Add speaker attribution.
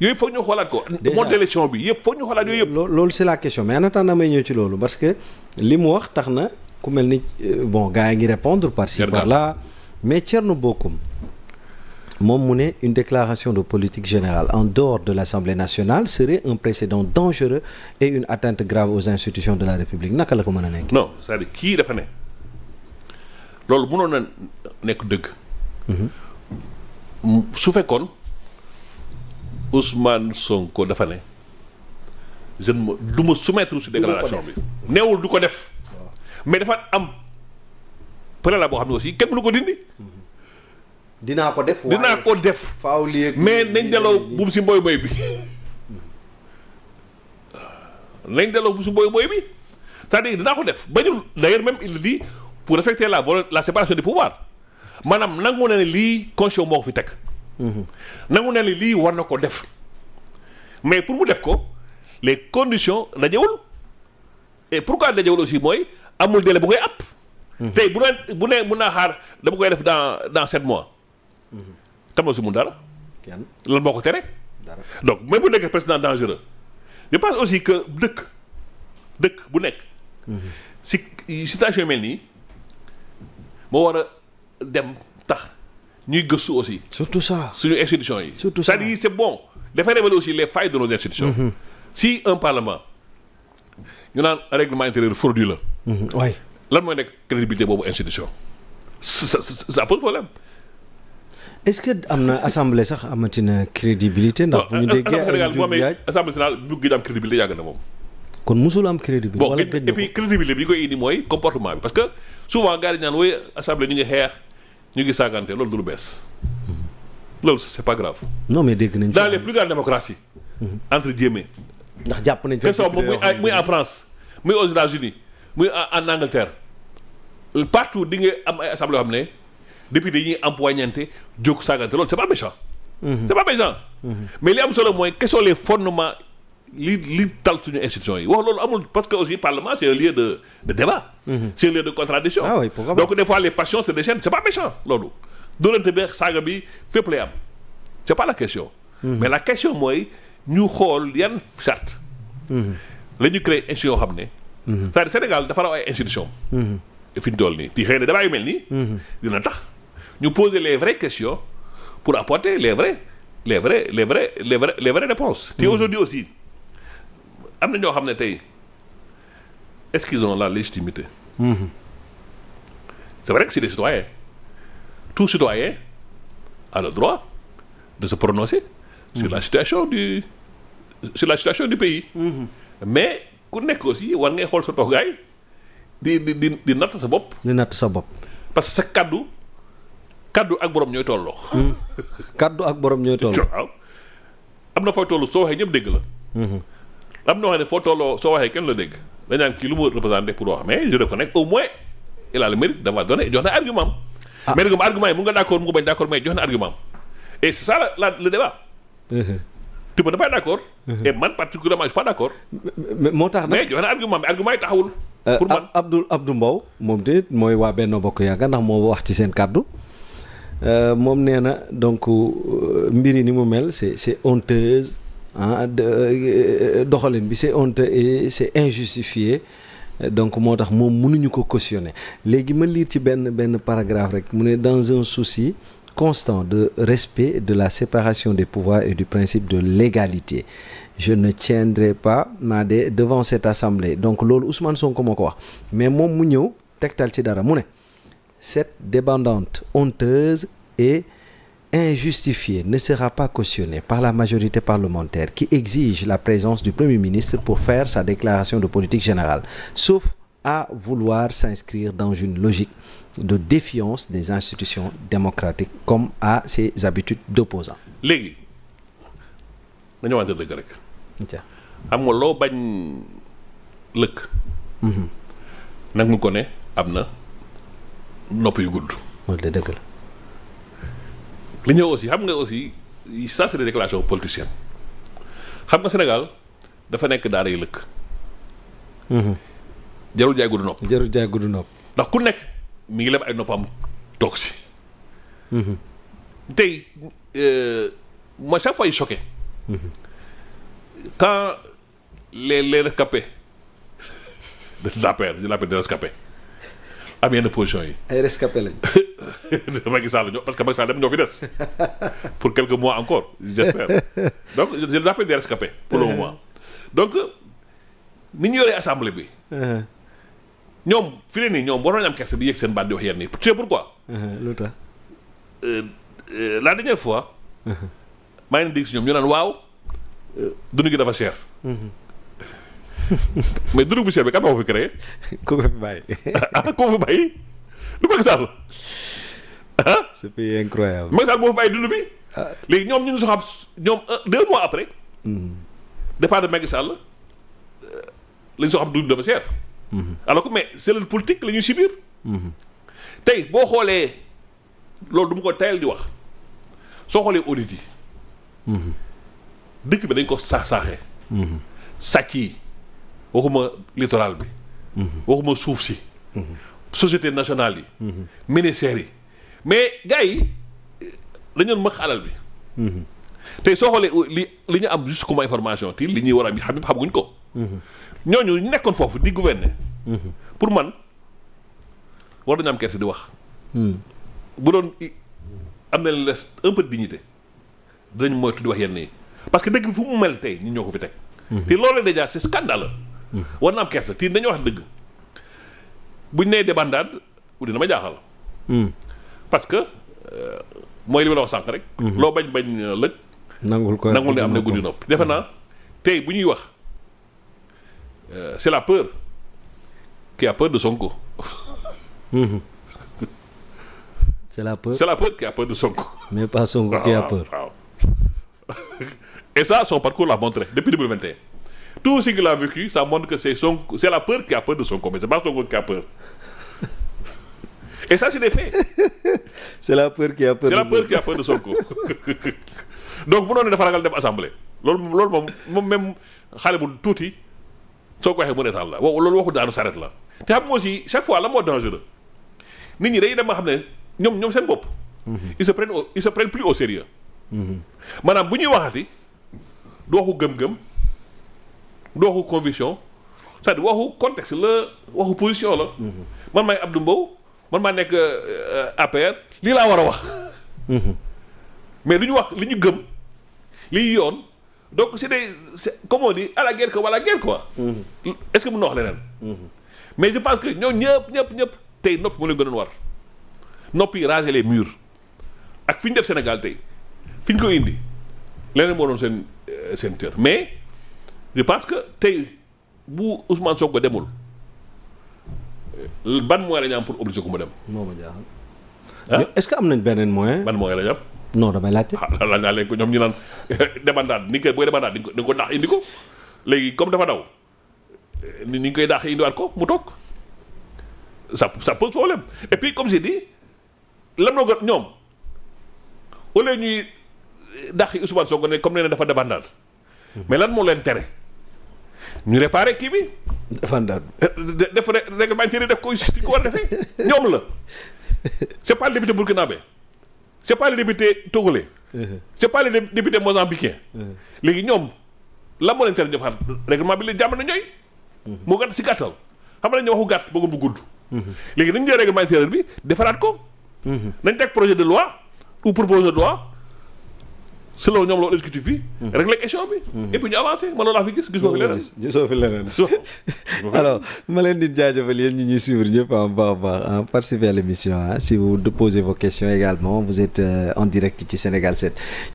Speaker 1: yooyu foog ñu xoolaat ko. déjà
Speaker 2: mode bi yëpp foog ñu xoolaat yooyu yëpp. loolu c'est la question mais en attendant may ñëw ci loolu parce que li mu wax tax na ku mel ni euh, bon gars yi ngi répondre par ci par là mais Thierno Bocoum moom mu ne une déclaration de politique générale en dehors de l'Assemblée nationale serait un précédent dangereux et une atteinte grave aux institutions de la République naka la ko mën a nekk.
Speaker 1: non cest à kii dafa ne loolu mënoon na nekk Ousmane Sonko dafa ne je ne ma du ma soumettre si déclaration bi neewul du ko def mais dafa am préalable boo xam ne aussi kenn mënu ko dindi dinaa ko def dinaa ko def faaw lii mais nañ delloo buum si mboy mboy bi nañ delloo buum si mboy bi cest à dinaa ko def bañul d'ailleurs même il dit pour respecter la la séparation des pouvoirs maanaam nangu na ne lii constitution moo ko fi teg Mhm. nangu na ni lii war na ko def mais pour mu def ko condition les conditions pour et pourquoi dajewul aussi mooy amul délai bu koy app mhm. tey bu ne bu ne naa xaar dama koy def dans dans sept mois. Mhm. tamal su mun dara. lan moo ko tere. donc même bu président dangereux. je pense aussi que dëkk dëkk bu nekk. si situation yu mel nii moo war a dem tax. ñuy gëstu aussi. surtout ça suñu institution yi. surtout ça c'est-à-dire c'est bon dafay révéler aussi les failles de nos institutions. Mm-hmm. si un parlement ñu naan règlement intérieur frauduleux
Speaker 2: la. waay mm-hmm.
Speaker 1: lan mooy nekk crédibilité boobu institution. ça ça pose problème.
Speaker 2: est-ce que am na assemblée sax amatina crédibilité. ndax bu ñu euh, déggee euh, ay jur
Speaker 1: yaay am crédibilité yàgg na moom.
Speaker 2: kon musul am crédibilité.
Speaker 1: wala gëj ko bon bi ñu koy indi mooy comportement bi parce que souvent gars yi naan ñu xeex. ñu ngi saagante loolu du lu bees loolu c'est pas grave.
Speaker 2: non mais dégg nañ
Speaker 1: dans les plus grandes démocraties. Mm-hmm. entre guillemets. ndax jàpp nañ fa moom muy en France muy aux États-Unis muy en Angleterre partout di am ay assemblée yoo ne député yi ñuy empoignante jóg saagante loolu c'est pas méchant. Mm-hmm. c'est pas méchant. Mm-hmm. mais li am solo mooy quels sont les li li tal suñu institution yi wax loolu amul parce que aussi parlement c'est un lieu de de débat. Mhm. c'est un lieu de contradiction ah oui, donc des fois les passions se déchaînent c'est pas méchant loolu. dóorante bi saaga bi fépp lay am c'est pas la question. Mhm. mais la question mooy ñu xool yan charte. Mhm. la ñu créé institution yoo xam ne. c'est-à-dire Sénégal dafa raw ay institution fi ñu toll nii ti xëy na débat yu mel nii. dina tax ñu poser les vraies questions pour apporter les vrais les vrais les vrais les vrais les vraies réponses. te aujourd'hui aussi. am na ñoo xam ne tey est-ce qu'ils la légitimité. Mmh. c'est vrai que c'est des citoyens tout citoyen a le droit de se prononcer. sur mhm. la situation du sur la situation du pays. Mhm. mais ku nekk aussi war ngay xool sa toogaay di di di di natt sa bopp.
Speaker 2: di natt sa bopp.
Speaker 1: parce que sa kaddu kaddu ak borom ñooy tolloo. Mhm. kaddu ak
Speaker 2: borom ñooy tolloo.
Speaker 1: am na fooy toll soo waxee ñëpp dégg la. am na wax foo tolloo soo waxee kenn la dégg dañ naan kii lu mu représenté pour wax mais je reconnais au moins il a le mérite d'avoir donné jox na argument am. ah mais jox na argument uh-huh. uh-huh. man particulièrement je suis pas moo tax mais jox na argument mais argument yi taxawul.
Speaker 2: Euh, pour man Mbow moom de mooy waa Benno Bokk Yaakaar ndax moo wax ci seen kàddu euh, moom nee na donc euh, mbir yi ni mu mel c'est c'est honteuse ah euh, doxalin bi c'est honteux et c'est injustifié donc moo tax moom mënuñu ko cautionner léegi ma lire ci benn benn paragraphe rek mu ne dans un souci constant de respect de la séparation des pouvoirs et du principe de l'égalité je ne tiendrai pas ma de devant cette assemblée donc loolu Ousmane Sonko moo ko wax mais moom mu ñëw tegtal ci dara mu ne cette dépendante honteuse et injustifiée ne sera pas cautionnée par la majorité parlementaire qui exige la présence du Premier ministre pour faire sa déclaration de politique générale, sauf à vouloir s'inscrire dans une logique de défiance des institutions démocratiques comme à ses habitudes d'opposants.
Speaker 1: léegi dañoo wante dëgg rek. xam nga loo bañ lëkk. Mhm. nag mu ko ne am na nopp yu gudd. loolu dëgg li ñëw aussi xam nga aussi ça c'est des déclarations politiciennes xam nga Sénégal dafa nekk daara yi lëkk. Mhm. jarul jaay gudd nopp. jarul ndax ku nekk mi ngi leb ay noppam toog si. Mhm. tey euh, moi chaque fois yi mhm. quand les les rescapés de l'APR de l'APR des rescapés. am yenn position yi. ay rescapé lañ. Macky Sall ñoo parce que Macky dem ñoo fi des pour quelques mois encore j'espère donc je les appelle des pour le moment donc ni ñu yoree assemblée bi. ñoom fi ne nii ñoom waroon am kersa di yëg seen baat di wax yenn yi tu sais pourquoi. lu euh, euh, la dernière fois. maa ngi dégg si ñoom ñu naan waaw euh, dund gi dafa cher. Mhm. mais dërëg bu cher bi kan moo ko fi créé. ku ko fi bàyyi. ah ku ko fi bàyyi du Macky Sall. ah fi bàyyi dund bi. Ah. léegi ñoom ñu ngi soxam ñoom euh, deux mois après. Hmm. départ de Macky Sall euh, la ñu soxam dund dafa cher. Hmm. alors que mais cellule politique la ñuy hmm. tey boo xoolee loolu du ma ko tayal di wax soo xoolee audit yi. dëkk bi dañ ko saax saaxee. sàcc yi. waxuma littoral bi. waxuma suuf si. société nationale yi. ministères yi mais gars yi dañu doon mëq alal bi. tey soo xoolee li li ñu am juste comme information te li ñuy war a xam xamaguñ ko. ñooñu ñu nekkoon foofu di gouverner. pour man war nañu am kersi di wax. bu doon am na les un peu de dignité dinañ moytu di wax yenn yi parce que dëgg bi fu mu mel tey ñun ñoo ko fi teg. te loolu déjà c'est scandaleux. war na am kersa tiit nañu wax dëgg buñ nee débandade di ma jaaxal. Hmm. parce que euh, mooy li ma la wax sànq rek. Hmm. loo bañ bañ euh, lëg.
Speaker 2: nangul ko nangul ne am na guddi
Speaker 1: noppi. defe naa tey bu ñuy wax euh, c'est la peur qui a peur de Sonko. Hmm. c'est la peur c'est la peur qui a peur de Sonko.
Speaker 2: mais pas Sonko qui a ah, peur.
Speaker 1: Ah. et ça son parcours l'a montré depuis 2021. Tout ce qu'il a vécu, ça que c'est son, c'est la peur qui a peur de son combat. C'est pas Sonko qui a peur. Et ça, c'est des faits.
Speaker 2: c'est la peur qui a peur. C'est la peur qui a peur
Speaker 1: dafa ragal dem assemblée loolu loolu moom moom même xale bu tuuti soo ko waxee mu netaan la waaw loolu waxu daanu saret la. te xam nga aussi chaque fois la moo dangereux nit ñi dañuy dem ma xam ne ñoom ñoom seen bopp. Mhm. ils se prennent au ils se prennent plus au sérieux mhm. maanaam bu ñuy waxati du waxu du waxu conviction cest à waxu contexte la waxu position la. Mm-hmm. man maay du Mbow man ma nekk euh, APR li laa war a wax. Mm-hmm. mais lu ñu wax li ñu gëm li yoon donc c'est des c'est comme on dit à la guerre que wala guerre quoi. Mm-hmm. est-ce que mën na wax leneen. mais je pense que ñoo ñëpp ñëpp ñëpp tey nopp mu leen gënoon war noppi raser les murs ak fi ñu def Sénégal tey fi ñu ko indi leneen moo doon seen euh, seen tër mais. parce que tey bu Ousmane ko demul ban moyen la ñu am pour obliger ko mu dem. moo ma jaaxal. Ah? est-ce que am nañ beneen moyen. ban moyen la ñu am. non damay laajte. ah laaj ko ñoom ñu naan demandaat ni nga koy booy demandaat di ko dàq indi ko léegi comme dafa daw ni ñu koy dàq indiwaat ko mu toog ça ça pose problème et comme si di lan moo gën ñoom au lieu i dàq Ousmane Sonko ne comme nee na dafa demandaat mm-hmm. mais lan moo leen tere. ñu réparé kii bi. fandaan eh, def réglementaire def ko fi ko war defee ñoom la c' est pas le député burkinabé c' est pas le député togolais. Uh-huh. c' est pas le député mozambicain. Uh-huh. léegi ñoom la moo leen tere defaat bi la jàmm na ñooy. Uh-huh. moo gën si gàttal xam nañ ne waxu gàtt bëgg bu gudd. léegi nañ jël réglementaire bi defaraat ko. nañ teg projet de loi ou proposition de loi. selon ñoom loolu exécutif bi. réglé question bi. Mm-hmm. et ñu avancé man laa fi gis gis nga fi leneen.
Speaker 2: gisoo fi leneen. alors ma leen di jaajëfal yéen ñu ñuy suivre ñëpp en ah, baax a baax ah, participer à l' émission ah si vous posez vos questions également vous êtes euh, en direct ci Sénégal 7